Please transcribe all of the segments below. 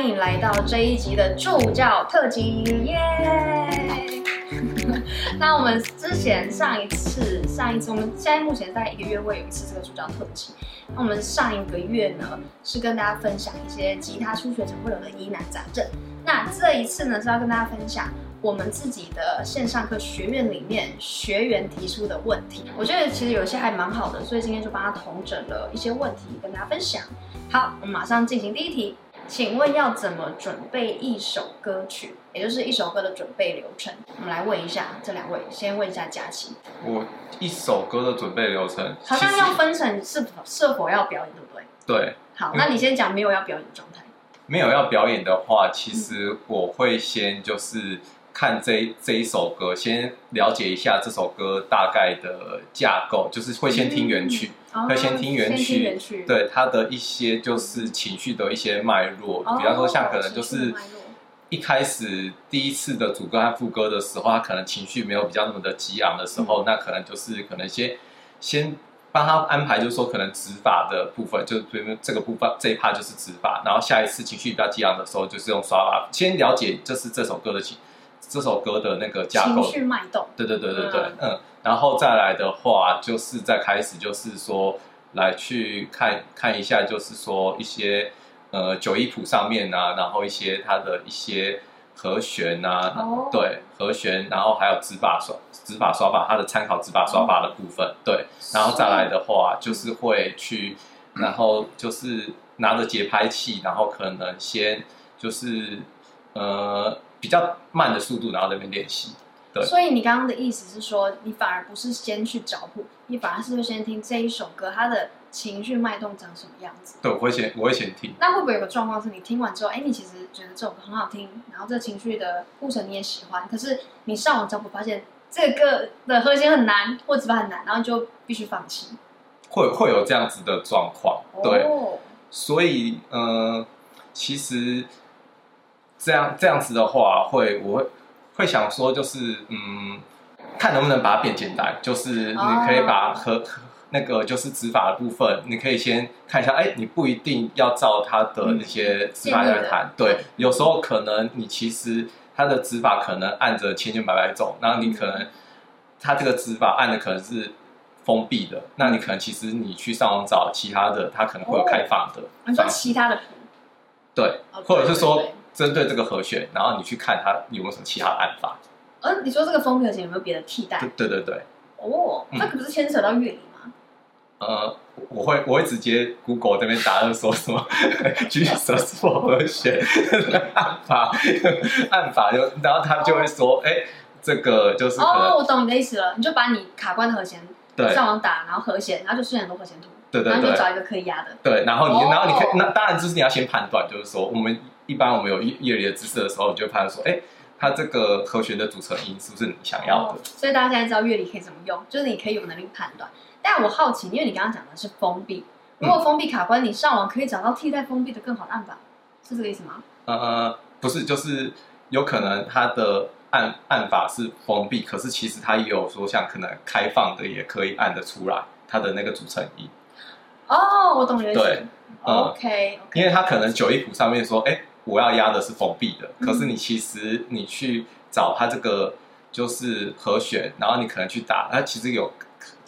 歡迎來到這一集的助教特輯，耶、yeah! 那我們之前上一次，上一次我們現在目前在一個月會有一次這個助教特輯。那我們上一個月呢，是跟大家分享一些吉他初學者會有的疑難雜症。那這一次呢，是要跟大家分享我們自己的線上課學院裡面學員提出的問題。我覺得其實有些還蠻好的，所以今天就幫他統整了一些問題跟大家分享。好，我們馬上進行第一題。請問要怎麼準備一首歌曲，也就是一首歌的準備流程？我們來問一下這兩位，先問一下佳琪。我一首歌的準備流程，好像要分成是否、是否要表演，對不對？對。好，那你先講沒有要表演的狀態。沒有要表演的話，其實我會先就是。看這一這一首歌，先了解一下這首歌大概的架構，就是會先聽原曲，嗯嗯 oh, 會先聽原曲，曲，對他的一些就是情緒的一些脈絡，oh, 比方說像可能就是一開始第一次的主歌和副歌的時候，他可能情緒沒有比較那麼的激昂的時候，嗯、那可能就是可能先先幫他安排，就是說可能指法的部分，就是這個部分這一趴就是指法，然後下一次情緒比較激昂的時候，就是用刷法。先了解就是這首歌的情。這首歌的那個架構，動對對對對對，嗯，嗯，然後再來的話，就是在開始就是說來去看看一下，就是說一些呃九一譜上面啊，然後一些它的一些和弦啊，哦，對和弦，然後還有指法刷指法刷法它的參考指法刷法的部分，嗯，對，然後再來的話就是會去，然後就是拿着節拍器，嗯，然後可能先就是呃。比較慢的速度，然後在那邊練習。對，所以你剛剛的意思是說，你反而不是先去找譜，你反而是先聽這一首歌，它的情緒脈動長什麼樣子？對，我會先，我會先聽。那會不會有個狀況是你聽完之後，哎、欸，你其實覺得這首歌很好聽，然後這情緒的過程你也喜歡，可是你上網找譜發現這個的和弦很難，或指法很難，然後你就必須放棄？會會有這樣子的狀況、哦，對。所以，呃，其實。這樣這樣子的話會，會我會想說，就是嗯，看能不能把它變簡單。就是你可以把和,、oh. 和那個就是指法的部分，你可以先看一下。哎，你不一定要照他的那些指法來彈、嗯。對，有時候可能你其實他的指法可能按着千千百百種，然後你可能他這個指法按的可能是封閉的，那你可能其實你去上網找其他的，他可能會有開放的。你、oh, 啊、其他的？對，okay, 或者是說。Okay. 針對這個和弦，然後你去看它有沒有什麼其他按法。嗯、哦，你說這個封閉和弦有沒有別的替代？對對，對對。哦、oh, 嗯，那可不是牽扯到樂理嗎？呃，我會我會直接 Google 這邊打，二說什麼爵士 和弦按法按法就，然後他就會說，哎、oh.，這個就是哦，oh, oh, 我懂你的意思了，你就把你卡關的和弦對上網打，然後和弦，然後就是很多和弦圖，對對對，然後你就找一個可以壓的，對，然後你然後你可以，oh. 那當然就是你要先判斷，就是說我們。一般我們有樂樂理的知識的時候，你就會判斷說，哎、欸，它這個和弦的組成音是不是你想要的？哦、所以大家現在知道樂理可以怎麼用，就是你可以有能力判斷。但我好奇，因為你剛剛講的是封閉，如果封閉卡關，你上網可以找到替代封閉的更好的按法，是這個意思嗎？呃、嗯，不是，就是有可能它的按按法是封閉，可是其實它也有說像可能開放的也可以按得出來它的那個組成音。哦，我懂你了。對、嗯、okay，OK，因為他可能九一譜上面說，哎、欸。我要壓的是封閉的，可是你其實你去找他這個就是和弦，然後你可能去打，他其實有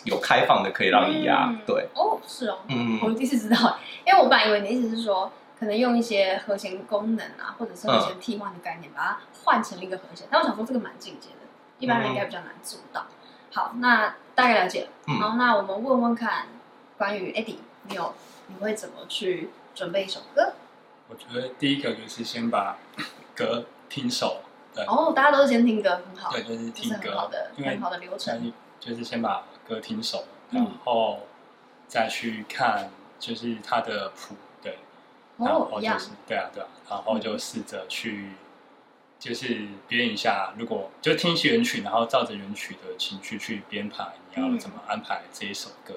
有開放的可以讓你壓、嗯，對，哦，是哦，嗯，我第一次知道、嗯，因為我本來以為你的意思是說可能用一些和弦功能啊，或者是和弦替換的概念、嗯、把它換成了一個和弦，但我想說這個蠻進階的，一般人應該比較難做到、嗯。好，那大概了解、嗯、好，那我們問問看，關於 Eddie，你有你會怎麼去準備一首歌？我覺得第一個就是先把歌聽熟，對，哦，大家都是先聽歌，很好，對，就是聽歌、就是、很好的，因為好的流程就是先把歌聽熟、嗯，然後再去看就是他的譜，對、哦，然後就是對啊，對啊，然後就試着去就是編一下、嗯，如果就聽一些原曲，然後照着原曲的情緒去編排，你要怎麼安排這一首歌，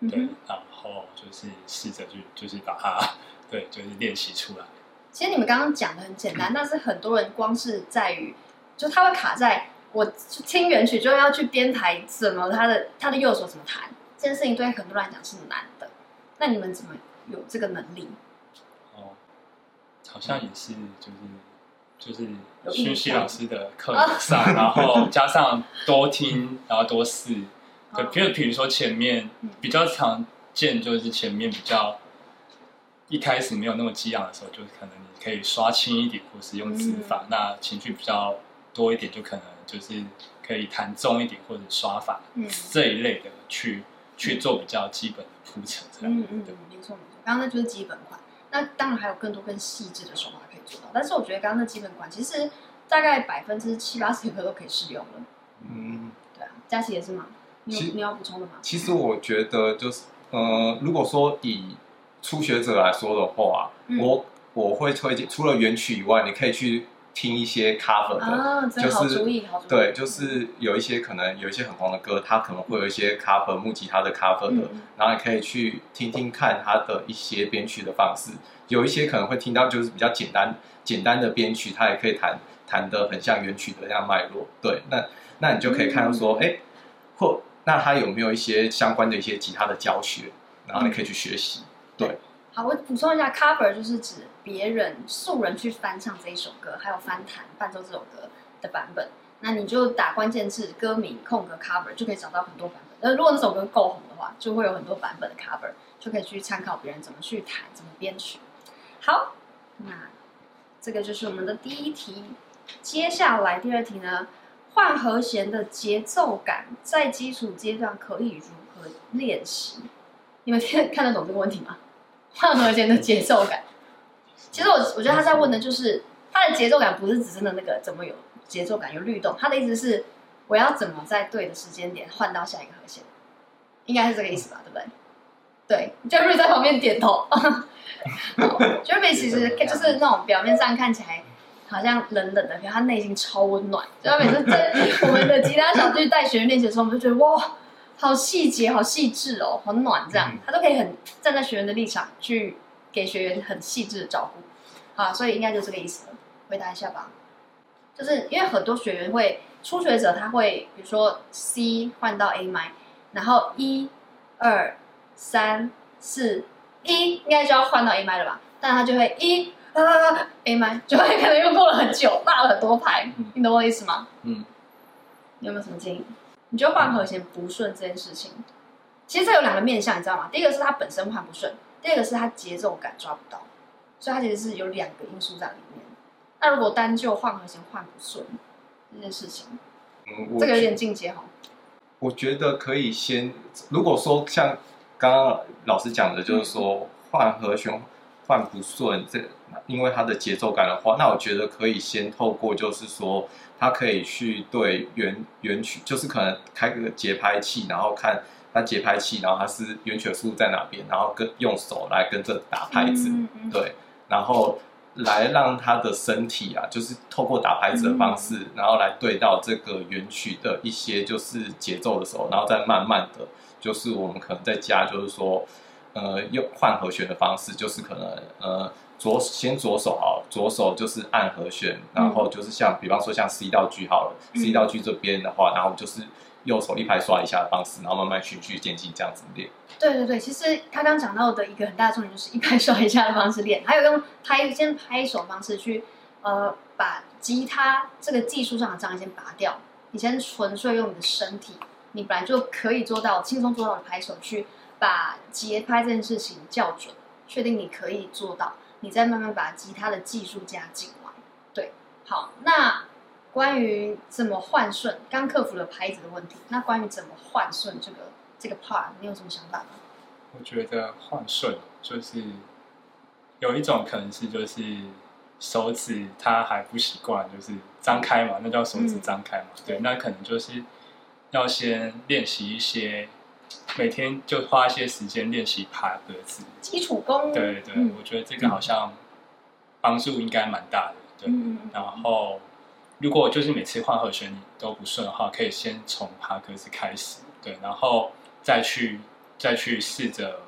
嗯、對，然後就是試着去就是把它。對，就是練習出來。其實你們剛剛講的很簡單，嗯、但是很多人光是在於，就他會卡在我聽原曲，就要去編排怎麼他的他的右手怎麼彈，這件事情對很多人來講是難的。那你們怎麼有這個能力？哦，好像也是、就是嗯，就是就是薰希老師的課上，然後加上多聽、哦，然後多試。就、哦、譬如比如說前面、嗯、比較常見，就是前面比較。一開始沒有那麼激昂的時候，就可能你可以刷輕一點，或是用指法。嗯、那情緒比較多一點，就可能就是可以彈重一點，或者刷法、嗯、這一類的去、嗯、去做比較基本的鋪陳。這樣、嗯、對、嗯嗯、沒錯沒錯。剛剛那就是基本款，那當然還有更多更細緻的手法可以做到。但是我覺得剛剛那基本款其實大概百分之七八十的都可以適用了。嗯，對啊，佳琪也是嗎？你有你要補充的嗎？其實我覺得就是，呃，如果說以初學者來說的話、啊嗯，我我會推薦除了原曲以外，你可以去聽一些 cover 的。啊、就是好主意好主意對，就是有一些可能有一些很紅的歌，它可能會有一些 cover、嗯、木吉他的 cover 的，然後你可以去聽聽看它的一些編曲的方式、嗯。有一些可能會聽到就是比較簡單簡單的編曲，它也可以彈彈的很像原曲的那樣脈絡。對，那那你就可以看到說，哎、嗯欸，或那它有沒有一些相關的一些吉他的教學，然後你可以去學習。嗯我補充一下，cover 就是指別人素人去翻唱這一首歌，還有翻彈伴奏這首歌的版本。那你就打關鍵字，歌名空格 cover 就可以找到很多版本。那如果那首歌夠紅的話，就會有很多版本的 cover，就可以去參考別人怎麼去彈，怎麼編曲。好，那這個就是我們的第一題。接下來第二題呢？換和絃的節奏感在基礎階段可以如何練習？ 你們聽聽得懂這個問題嗎？換和弦的節奏感，其實我我覺得他在問的就是他的節奏感不是指真的那個怎麼有節奏感有律動，他的意思是我要怎麼在對的時間點換到下一個和弦，應該是這個意思吧，對不對？對，Joey 在旁邊點頭，Joey 其實就是那種表面上看起來好像冷冷的，可是他內心超溫暖。就他每次在我們的吉他小組帶學員練習的時候，我們就覺得哇。好細節，好細緻哦，很暖，這樣、嗯、他都可以很站在學員的立場去給學員很細緻的照顧，啊，所以應該就是這個意思。回答一下吧，就是因為很多學員會初學者，他會比如說 C 換到 Am，然後一、二、三、四一，應該就要換到 Am 了吧？但他就會一啊 Am，就會可能又過了很久，拉了很多拍，你懂我意思嗎？嗯，你有沒有什麼建議？你覺得換和弦不順這件事情，嗯、其實這有兩個面向，你知道嗎？第一個是它本身換不順，第二個是它節奏感抓不到，所以它其實是有兩個因素在裡面。那如果單就換和弦換不順這件事情，嗯、這個有點進階哈。我覺得可以先，如果說像剛剛老師講的，就是說換、嗯、和弦。換不順，這個、因為他的節奏感的話，那我覺得可以先透過，就是說他可以去對原原曲，就是可能開個節拍器，然後看他節拍器，然後他是原曲的速度在哪邊，然後跟用手來跟着打拍子，嗯嗯嗯，對，然後來讓他的身體啊，就是透過打拍子的方式，嗯嗯，然後來對到這個原曲的一些就是節奏的時候，然後再慢慢的就是我們可能在家就是說。呃，用換和弦的方式，就是可能呃左先左手好了，左手就是按和弦，然後就是像比方說像 C 到 G 好了，嗯，C 到 G 這邊的話，然後就是右手一拍刷一下的方式，然後慢慢循序漸進這樣子練。對對對，其實他剛講到的一個很大的重點就是一拍刷一下的方式練，還有用拍先拍手的方式去呃把吉他這個技術上的障礙先拔掉，你先純粹用你的身體，你本來就可以做到輕鬆做到的拍手去。把節拍這件事情校準，確定你可以做到，你再慢慢把吉他的技術加進來。對，好，那關於怎麼換順，剛克服了拍子的問題，那關於怎麼換順這個這個 part，你有什麼想法嗎？我覺得換順就是有一種可能是就是手指它還不習慣，就是張開嘛，那叫手指張開嘛，嗯、對，那可能就是要先練習一些。每天就花一些時間練習爬格子，基礎功。對對、嗯，我覺得這個好像幫助應該蠻大的。對，嗯、然後如果就是每次換和弦你都不順的話，可以先從爬格子開始。對，然後再去再去試着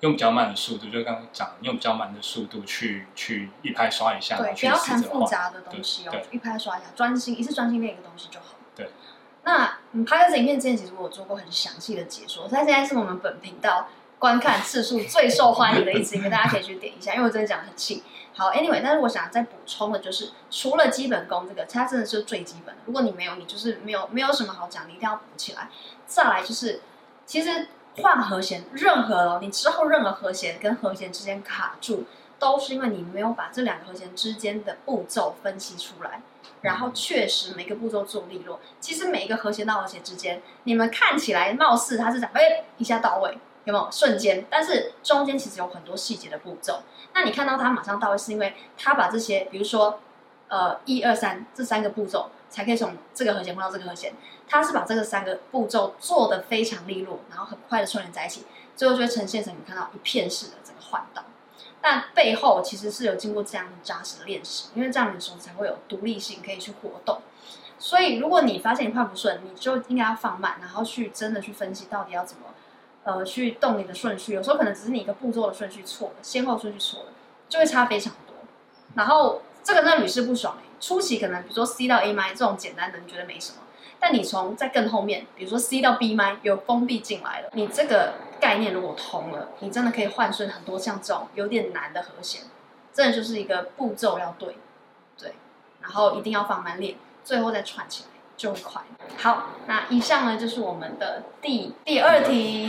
用比較慢的速度，就剛剛講，用比較慢的速度去去一拍刷一下，對，不要看複雜的東西哦對對，一拍刷一下，專心一次專心練一個東西就好對。那拍這支影片之前，其實我有做過很詳細的解說。它現在是我們本頻道觀看次數最受歡迎的一支影片，大家可以去點一下。因為我真的講很細。好，Anyway，但是我想再補充的就是，除了基本功這個，它真的是最基本的。如果你沒有，你就是沒有，沒有什麼好講，你一定要補起來。再來就是，其實換和弦，任何你之後任何和弦跟和弦之間卡住，都是因為你沒有把這兩個和弦之間的步驟分析出來。然後確實每個步驟做利落，其實每一個和弦到和弦之間，你們看起來貌似它是怎哎，一下到位，有沒有瞬間？但是中間其實有很多細節的步驟。那你看到它馬上到位，是因為它把這些，比如說呃一二三這三個步驟，才可以從這個和弦換到這個和弦。它是把這個三個步驟做得非常利落，然後很快的串聯在一起，最後就會呈現成你看到一片式的這個換擋。但背後其實是有經過這樣扎實的練習，因為這樣你的手才會有獨立性，可以去活動。所以如果你發現你換不順，你就應該要放慢，然後去真的去分析到底要怎麼，呃，去動你的順序。有時候可能只是你一個步驟的順序錯了，先後順序錯了，就會差非常多。然後這個那屢試不爽、欸、初期可能比如說 C 到 A 嘛，這種簡單的你覺得沒什麼。但你從在更後面，比如說 C 到 B 麥有封閉進來了，你這個概念如果通了，你真的可以換順很多像這種有點難的和弦，真的就是一個步驟要對，對，然後一定要放慢練，最後再串起來就很快。好，那以上呢就是我們的第第二題。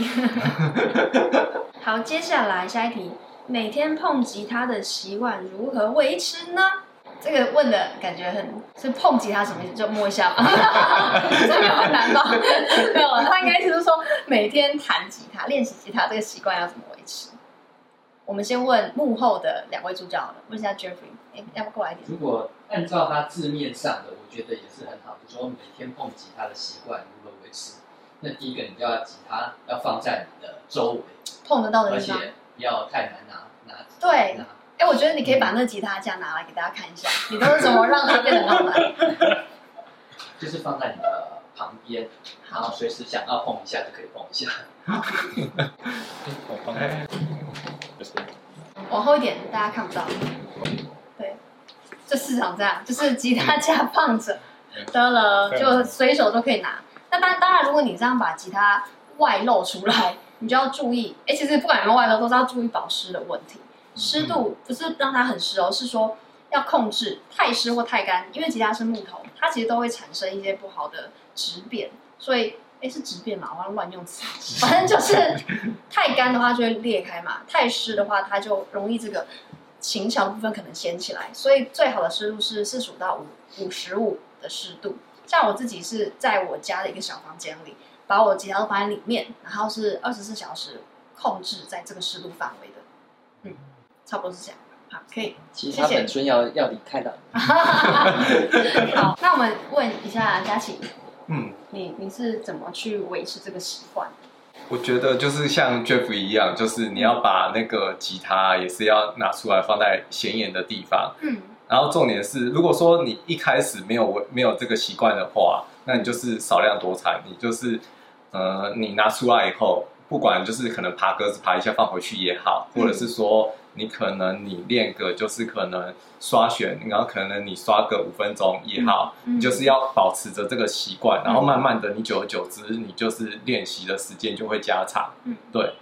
好，接下來下一題，每天碰吉他的習慣如何維持呢？這個問的感覺很，是碰吉他什麼意思？就摸一下 很難嗎？沒有難吧？沒有，他應該就是說每天彈吉他、練習吉他這個習慣要怎麼維持？我們先問幕後的兩位助教，問一下 Jeffrey，哎、欸，要不過來點？如果按照他字面上的，我覺得也是很好的。說每天碰吉他的習慣如何維持？那第一個，你就要吉他要放在你的周圍，碰得到的地方，不要太難拿，拿對。哎，我覺得你可以把那吉他架拿來給大家看一下，你都是怎麼讓它變得那麼浪漫？就是放在你的旁邊，然後隨時想要碰一下就可以碰一下。好， 往後一點，大家看不到。 對，就市場這樣，就是吉他架放着，得、嗯、了，就隨手都可以拿、嗯。那當然，當然，如果你這樣把吉他外露出來，你就要注意，哎，其實不管有沒有外露，都是要注意保濕的問題。濕度不是讓它很濕哦，是說要控制太濕或太乾，因為吉他是木頭，它其實都會產生一些不好的質變。所以，哎、欸，是質變嘛？我要亂用詞，反正就是太乾的話就會裂開嘛，太濕的話它就容易這個琴橋部分可能掀起來。所以最好的濕度是四十五到五五十五的濕度。像我自己是在我家的一個小房間裡，把我吉他放在裡面，然後是二十四小時控制在這個濕度範圍的。差不多是這樣，好，可以，其實他本身要，謝謝，要離開的。 好，那我們問一下佳琪，嗯，你你是怎麼去維持這個習慣？我覺得就是像 Jeff 一樣，就是你要把那個吉他也是要拿出來放在顯眼的地方，嗯。然後重點是，如果說你一開始沒有沒有這個習慣的話，那你就是少量多餐，你就是，呃，你拿出來以後，不管就是可能爬格子爬一下放回去也好，或者是說。嗯你可能你練個就是可能刷弦，然後可能你刷個五分鐘也好，嗯、你就是要保持着這個習慣，嗯、然後慢慢的你久而久之你就是練習的時間就會加長。嗯，對。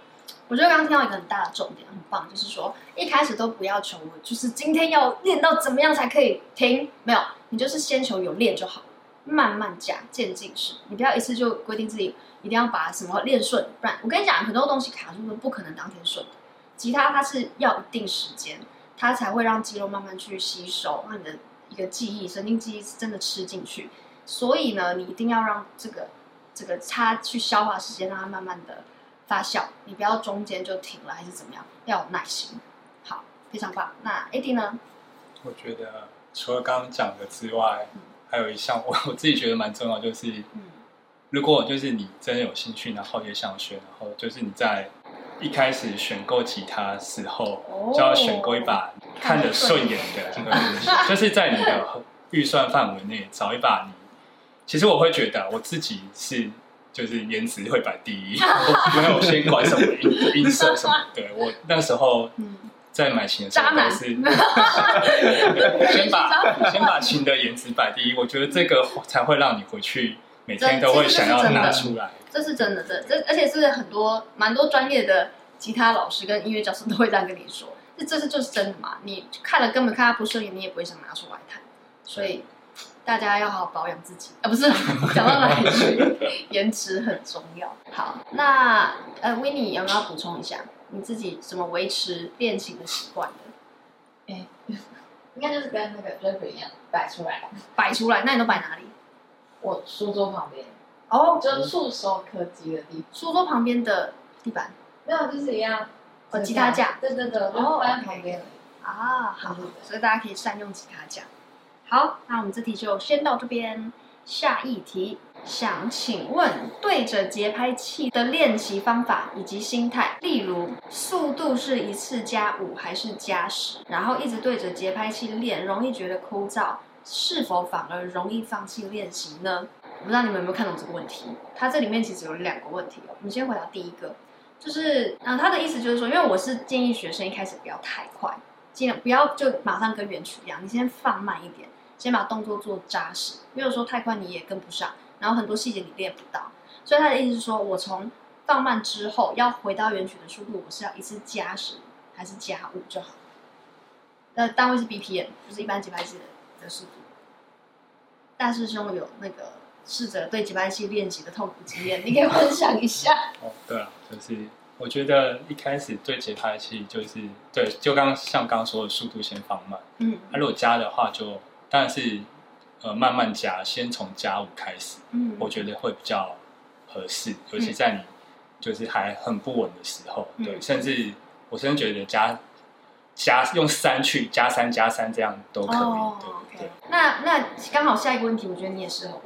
我覺得剛剛聽到一個很大的重點，很棒，就是說一開始都不要求我，就是今天要練到怎麼樣才可以停？沒有，你就是先求有練就好，慢慢加，漸進式。你不要一次就規定自己一定要把什麼練順，不然我跟你講，很多東西卡住都不可能當天順的。吉他它是要一定時間，它才會讓肌肉慢慢去吸收，讓你的一個記憶、神經記憶是真的吃進去。所以呢，你一定要讓這個這個它去消化時間，讓它慢慢的發酵。你不要中間就停了，還是怎麼樣？要有耐心。好，非常棒。那 AD 呢？我覺得除了剛剛講的之外，嗯、還有一項我我自己覺得蠻重要，就是、嗯、如果就是你真的有興趣，然後也想學，然後就是你在。一開始選購吉他的時候，就要選購一把看着順眼的，這個就是在你的預算範圍內找一把。你其實我會覺得，我自己是就是顏值會擺第一，沒有先管什麼音音色什麼。對，我那時候在買琴的時候，都是我先把先把琴的顏值擺第一，我覺得這個才會讓你回去每天都會想要拿出來。這是真的，這這而且是很多蠻多專業的吉他老師跟音樂教師都會這樣跟你說，這這是就是真的嘛？你看了根本看它不順眼，你也不會想拿出來看。所以大家要好好保養自己啊，不是？想到哪一句， 顏值很重要。好，那呃，Winnie 有沒有要補充一下你自己怎麼維持練琴的習慣？哎，應該就是跟那個 r 人一樣，擺出來，擺出來。那你都擺哪裡？我書桌旁邊。哦、oh, okay.，就是觸手可及的地方，書桌旁邊的地板。沒有，就是一樣。哦、oh,，吉他架。對對對，然後我在旁邊。啊、oh, okay.，好，所以大家可以善用吉他架。好，那我們這題就先到這邊，下一題。想請問對着節拍器的練習方法以及心態，例如速度是一次加五還是加十？然後一直對着節拍器練，容易覺得枯燥，是否反而容易放棄練習呢？不知道你們有沒有看懂這個問題？他這裡面其實有兩個問題、喔、我們先回答第一個，就是嗯、呃、他的意思就是說，因為我是建議學生一開始不要太快，盡量不要就馬上跟原曲一樣，你先放慢一點，先把動作做扎實。因為說太快你也跟不上，然後很多細節你練不到。所以他的意思是說，我從放慢之後要回到原曲的速度，我是要一次加十還是加五就好？那、呃、單位是 BPM，就是一般節拍器的速度。大師兄有那個。試着對節拍器練習的痛苦經驗，你可以分享一下。 哦，對啊，就是我覺得一開始對節拍器就是對，就剛，剛像剛剛說的速度先放慢，嗯，它、啊、如果加的話就，就但是呃慢慢加，先從加五開始，嗯，我覺得會比較合適，嗯、尤其在你就是還很不穩的時候，嗯、對，甚至我真的覺得加加用三去加三加三這樣都可以，oh, okay. 對，對。那那剛好下一個問題，我覺得你也適合。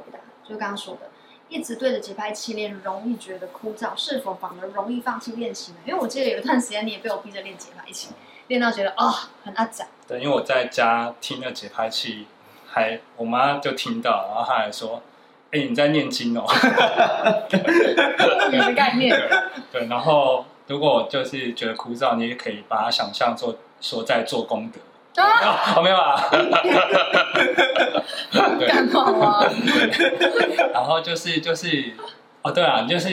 就剛剛說的，一直對着節拍器練，容易覺得枯燥，是否反而容易放棄練習呢？因為我記得有一段時間，你也被我逼着練節拍器，練到覺得啊、哦、很阿仔。對，因為我在家聽了節拍器，還我媽就聽到，然後她還說：“哎、欸，你在念經哦、喔。 ”哈哈你的概念。對，對，然後如果就是覺得枯燥，你也可以把它想象做說在做功德。啊啊、好我沒有 啊。哈哈哈！感然後就是就是哦，對啊，就是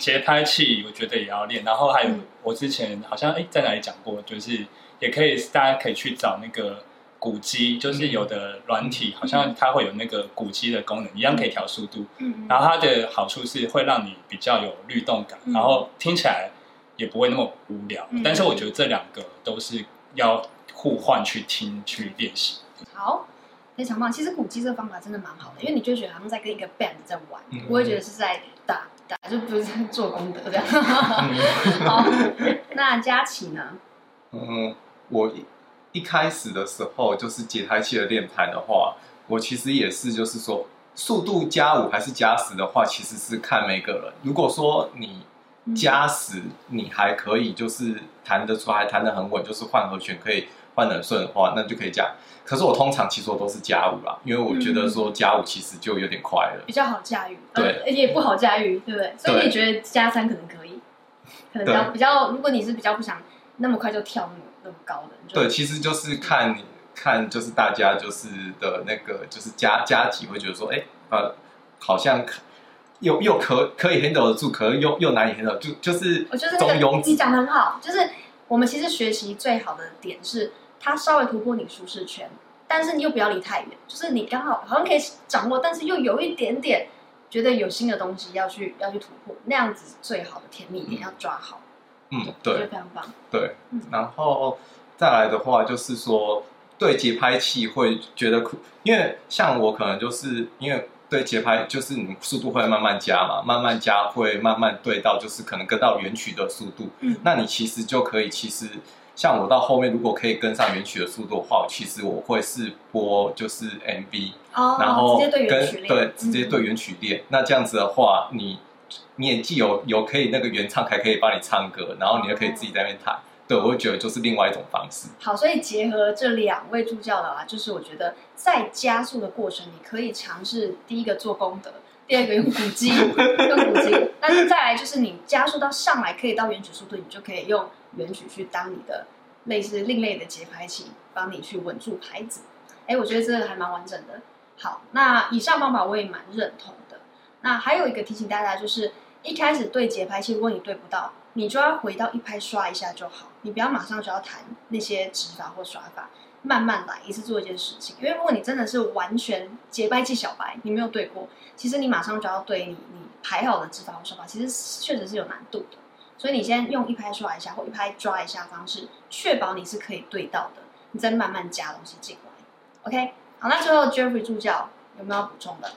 節拍 器，我覺得也要練。然後還有，嗯、我之前好像誒在哪裡講過，就是也可以，大家可以去找那個鼓機，就是有的軟體、嗯、好像它會有那個鼓機的功能，一樣可以調速度。嗯。然後它的好處是會讓你比較有律動感，嗯、然後聽起來也不會那麼無聊、嗯。但是我覺得這兩個都是要互換去聽去練習。好。非常棒！其實鼓機這個方法真的蠻好的，因為你就覺得好像在跟一個 band 在玩，嗯、我也覺得是在打打，就不是在做功德這樣。嗯、 好，那佳琪呢？嗯，我一開始的時候就是節拍器的練彈的話，我其實也是，就是說速度加五還是加十的話，其實是看每個人。如果說你加十，你還可以就是彈得出來，還彈得很穩，就是換和弦可以，換得順的話，那就可以這樣。可是我通常其實我都是加五啦，因為我覺得說加五其實就有點快了，嗯、比較好駕馭。對，而、呃、且不好駕馭，對不對、嗯？所以你也覺得加三可能可以？可能比較比較，如果你是比較不想那麼快就跳那麼那麼高的，對，其實就是看看，就是大家就是的那個，就是加加幾會覺得說，哎、欸，呃，好像又又可可以 handle 得住，可能又又難以 handle，就就是我就是中庸、那個。你講的很好，就是我們其實學習最好的點是。它稍微突破你舒適圈，但是你又不要離太遠，就是你剛好好像可以掌握，但是又有一點點覺得有新的東西要去要去突破，那樣子最好的甜蜜點，要抓好。嗯，對，非常棒。對，然後再來的話就是說，對節拍器會覺得苦，因為像我可能就是因為對節拍就是你速度會慢慢加嘛，慢慢加會慢慢對到就是可能跟到原曲的速度，嗯，那你其實就可以其實。像我到後面，如果可以跟上原曲的速度的話，其實我會是播就是 MV、哦、然後、哦、直接對原曲練，對、嗯、直接對原曲練。那這樣子的話，你你也既有有可以那個原唱，還可以幫你唱歌，然後你又可以自己在那邊彈。嗯、對，我會覺得就是另外一種方式。好，所以結合這兩位助教的話，就是我覺得在加速的過程，你可以嘗試第一個做功德，第二個用鼓機，用 鼓機。但是再來就是你加速到上來可以到原曲速度，你就可以用。原曲去當你的類似另類的節拍器，幫你去穩住拍子。哎、欸，我覺得這個還蠻完整的。好，那以上方法我也蠻認同的。那還有一個提醒大家，就是一開始對節拍器，如果你對不到，你就要回到一拍刷一下就好，你不要馬上就要彈那些指法或刷法，慢慢來，一次做一件事情。因為如果你真的是完全節拍器小白，你沒有對過，其實你馬上就要對你你排好的指法或刷法，其實確實是有難度的。所以你先用一拍刷一下或一拍抓一下方式，確保你是可以對到的，你再慢慢加東西進來。OK，好，那最後 Jeffrey 助教有沒有補充的？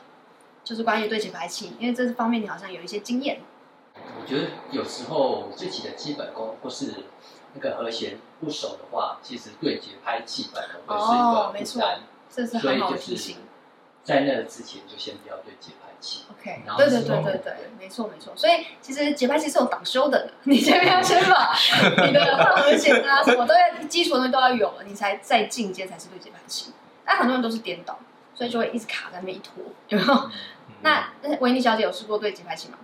就是關於對節拍器，因為這方面你好像有一些經驗。我覺得有時候自己的基本功或是那個和弦不熟的話，其實對節拍器本來會是一個負擔。哦，沒錯，這是好好提醒。所以就是在那之前就先不要對節拍。OK，對對對對對，沒錯沒錯。所以其實節拍器是有擋修的，的，你前面要先把 你的和弦啊， 什麼都要基礎的東西都要有了，你才再進階，才是對節拍器。但很多人都是顛倒，所以就會一直卡在那一坨。有沒有？嗯、那維尼小姐有試過對節拍器嗎？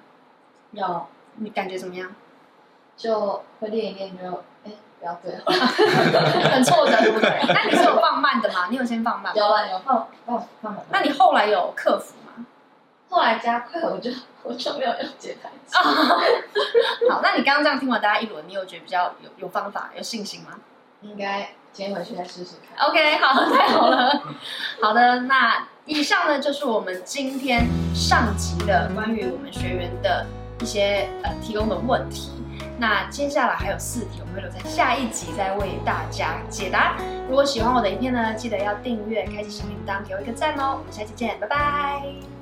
有。你感覺怎麼樣？就會練一練，覺得哎，不要對， 很錯的是不對。 那你是有放慢的嗎？你有先放慢的？有啊，有放放放。那你後來有克服？後來加快，我就，我就想要要解答。 好，那你剛剛這樣聽完大家一輪，你有覺得比較有有方法、有信心嗎？應該今天回去再試試看。OK，好，太好了。 好的，那以上呢就是我們今天上集的關於我們學員的一些呃提供的問題。那接下來還有四題，我們會留在下一集再為大家解答。如果喜歡我的影片呢，記得要訂閱、開啟小鈴鐺、給我一個讚哦。我們下期見，拜拜。